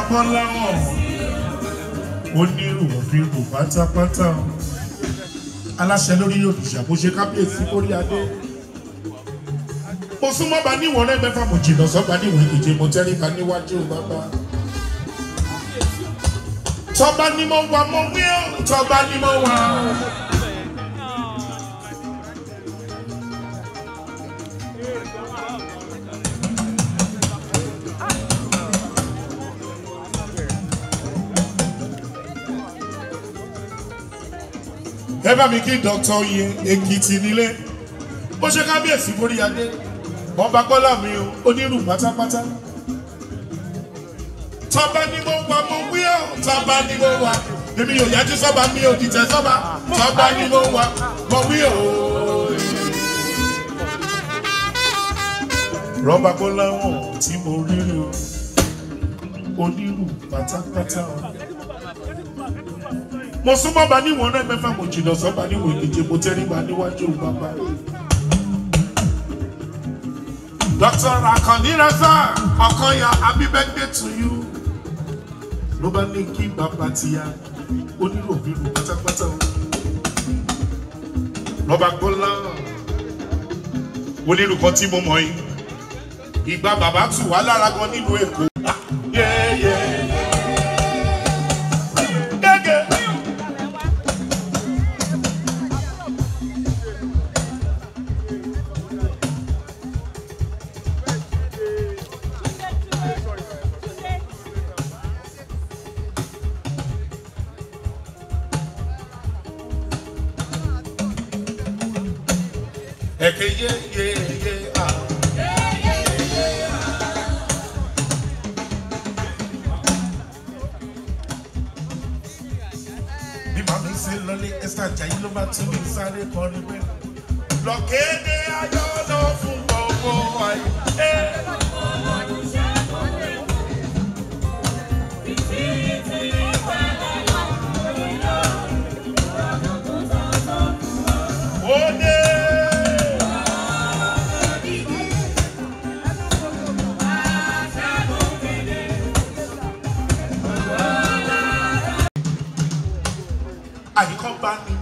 apá láwọn onírúurú pátápátá aláṣẹ lórí òrìṣà bó ṣe kábíyèsí kórí adé mo súnmọ́ bá níwọ̀n lẹ́gbẹ̀fà mo jìnnà sọ́gbà níwọ̀n ìdíje mo tẹ́ríba níwájú bàbá tọ́ba ni mo wà mo wí ọ́ tọ́ba ni mo wà ẹ bá mi kí dr oyè èkìtì nílé ó ṣe kábíyèsí borí adé ọba gbọ́lá mi o onírù pátápátá tọ́ba ni mo wà mo wí ọ́ tọ́ba ni mo wà èmi ò yájú sọ́ba mi ò dìtẹ̀ sọ́ba tọ́ba ni mo wà mo wí ọ́. rọ́bà gbọ́lá wọn tí mo rí o onírù pátápátá o mo súnmọ́ bá níwọ̀n rẹ̀ mẹ́fà mo jìnnà sọ́ba níwọ̀n èkejì mo tẹríba níwájú bàbá rẹ̀. Dr. Akànnì Raza Ọ̀kanyà happy birthday to you. Ló bá ní kí bàbá ti ya oníròbìrò pátápátá o. Lọ́ba Gbọ́lá onírúkọ tí mo mọ̀ yìí. Ìgbà bàbá tù wá lára gan nílùú Èkó. ẹ̀kẹ́ yé yé yé a. Ah. bí màmí ṣe lọlé Esther Ajayi ló bá tún mi sáré kọrin pé lọ́kéde ayọ́ lọ fún gbogbo ayé.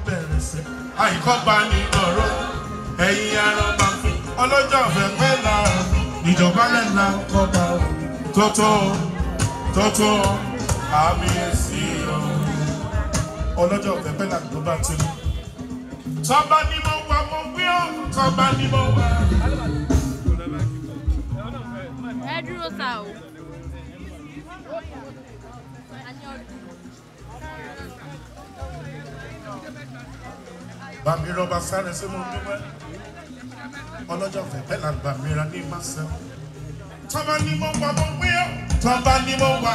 bẹ̀rẹ̀ sí. àìkọ́gba ọ̀rọ̀ ẹ̀yìn arọba fún ọlọ́jọ́ ọ̀fẹ́ pẹ́ ìjọba lẹ́la kọ́ba tótó tótó àmì èsì ọlọ́jọ́ ọ̀fẹ́ pẹ́ la ti mú. tọ́ba ni mo bàmí rọba sáré sí mo dúpẹ́ ọlọ́jọ́ fẹ̀fẹ́ là ń bàmíra ní màsán. tọ́ba ni mo wà mo wí ọ́ tọ́ba ni mo wà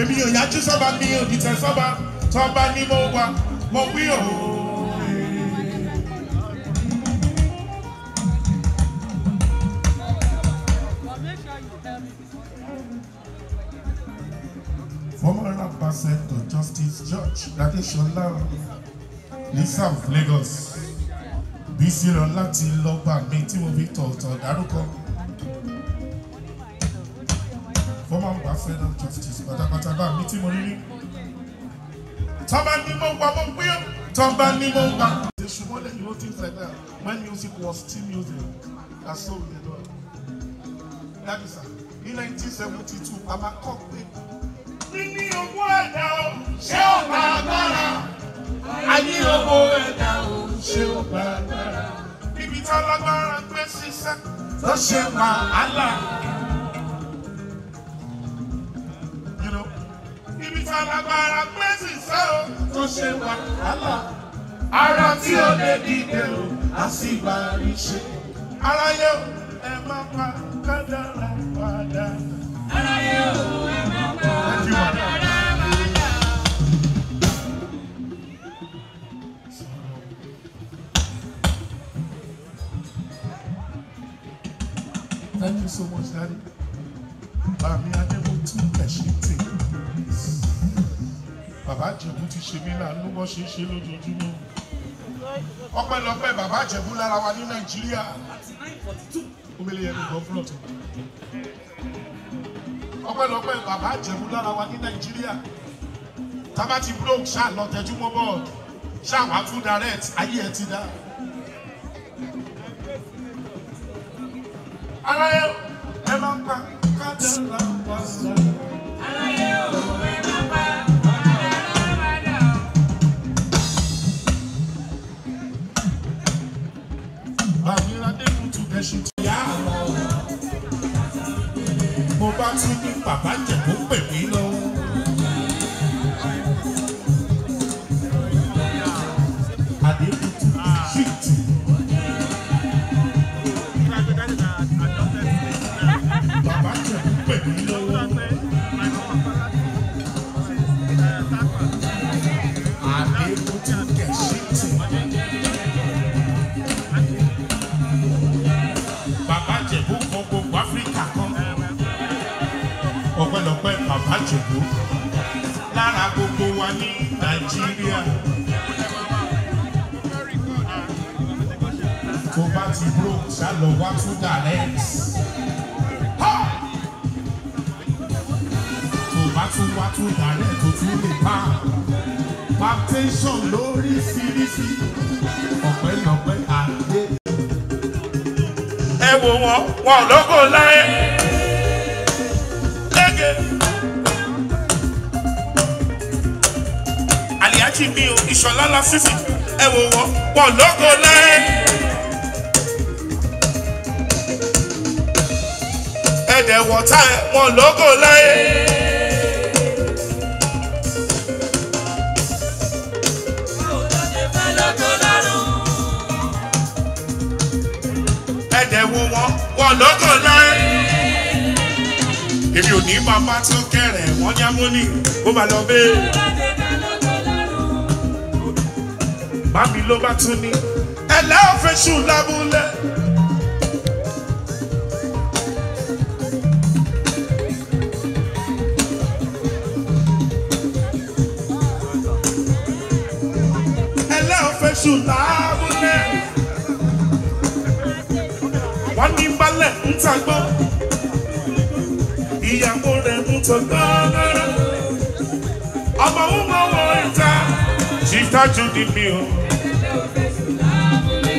èmi ò yájú sọ́ba mi ò dìtẹ̀ sọ́ba tọ́ba ni mo wà mo wí ọ́. Former Ambassador Justice George Adesola ní south Lagos Bísí lọ láti lọ́gbà mi tí mo fi tọ̀ọ̀tọ̀ dárúkọ. former gba justice pátápátá bá mi tí mo rí rí. tọ́ba ni mo gbà mo gbé ọ́ tọ́ba ni mo gbà. ṣe ṣùgbọ́n lẹ́yìn ló ti ń sẹ́gbẹ́ when music was still music na so we dey do it. dábìsà ní nineteen seventy two a máa kọ́ pé. níní owó ẹ̀. fọgbọ́rọ̀ gbé ṣiṣẹ́ ló ṣe wàhálà. Ibi tí alágbára gbé ṣiṣẹ́ o tó ṣe wàhálà. Ara tí ó lè dìde o, a sì bá rí ṣe. Aráyé o, ẹ má pa kádàrá padà. Aráyé o, ẹ. Thank you so much, Daddy. Bàmí Adébótú ẹ̀ṣin tè. Bàbá Àjẹ̀bú ti ṣe mí láàánú bọ́ ṣe é ṣe lójoojúmọ́. Ọpẹ́lọpẹ́ bàbá Àjẹ̀bú lára wa ní Nàìjíríà. Omele yẹn ló gbọ́ fún ọ̀tún. Ọpẹ́lọpẹ́ bàbá Àjẹ̀bú lára wa ní Nàìjíríà. Tábà ti broke ṣáà lọ tẹjú mọ́ bọ́ọ̀dù. Ṣáà wá tún direct ayé ẹ ti dá. aláyé ẹ pa kájà ńlá wá pa ọ̀nà alábàdà. àmìlàdé kutu ẹṣin mo bá tún ní bàbá jẹ̀kú pè mí lọ́wọ́. wa ní nàìjíríà tó bá ti broke ṣàlọ wá tún direct tó bá tún wá tún direct tó tún lè pa palpitation lórí sírísí ọ̀pẹ̀lọpẹ̀ àdé. ẹ wo wọn wọn ò lọ́gọ̀ láyé. alájí mi ò ìṣọ̀lá la fífi ẹ wò wọ́n wọ́n lóko láyé. ẹ̀dẹ̀ wọ̀tá ẹ̀ wọ́n lóko láyé. ẹ̀dẹ̀ wọ́n wọ́n láyé. èmi ò ní bàbá tó kẹrẹ̀ wọ́n ní amóni ó bá lọ bẹ́ẹ̀ mami ló bá tún ní ẹ̀lẹ́ òfeṣù lábúlé. ẹ̀lẹ́ òfeṣù lábúlé. wọ́n ní balẹ̀ ń tagbọ́ ìyàwó rẹ̀ ń tọ́gbọ́ lọ́rọ́ ọmọ òun wọ ìta ṣìtájú ní mi o.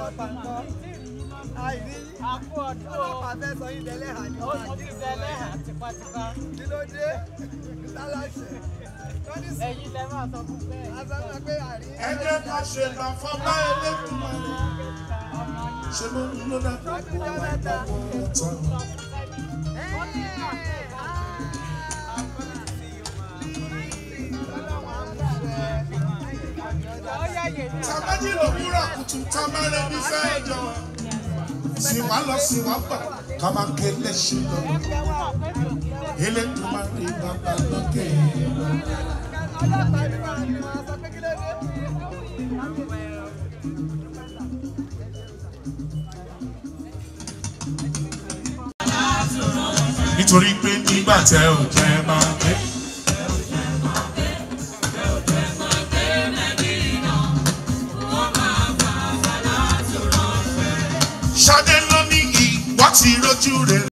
ọlọ́pàá ń kọ́ ọlọ́pàá fẹ́ sọ yín dẹ́lẹ́ hà ní ọ̀la kí n dẹ́lẹ́ hà tipátipá. kí ló dé lálàṣẹ. ẹ̀yin lẹ máa sọ fún bẹ́ẹ̀. a sọ fún pé àrí. ẹ jẹ́ ká ṣe ìbàfọ́ bá ẹlẹ́kùnrin rẹ̀ ṣe ló ń lọ́dà tó kọ́ wáyé tó wọ́n tàmájì lòwúrọ̀ kùtù tàmárẹ̀ ní sẹ́ẹ̀jọ. Sìwá lọ sìwá bọ̀ ká máa ké léṣe lọ. Ilé tó máa rí bàbá lókè. Nítorí pé nígbà tẹ ò jẹ máa. children.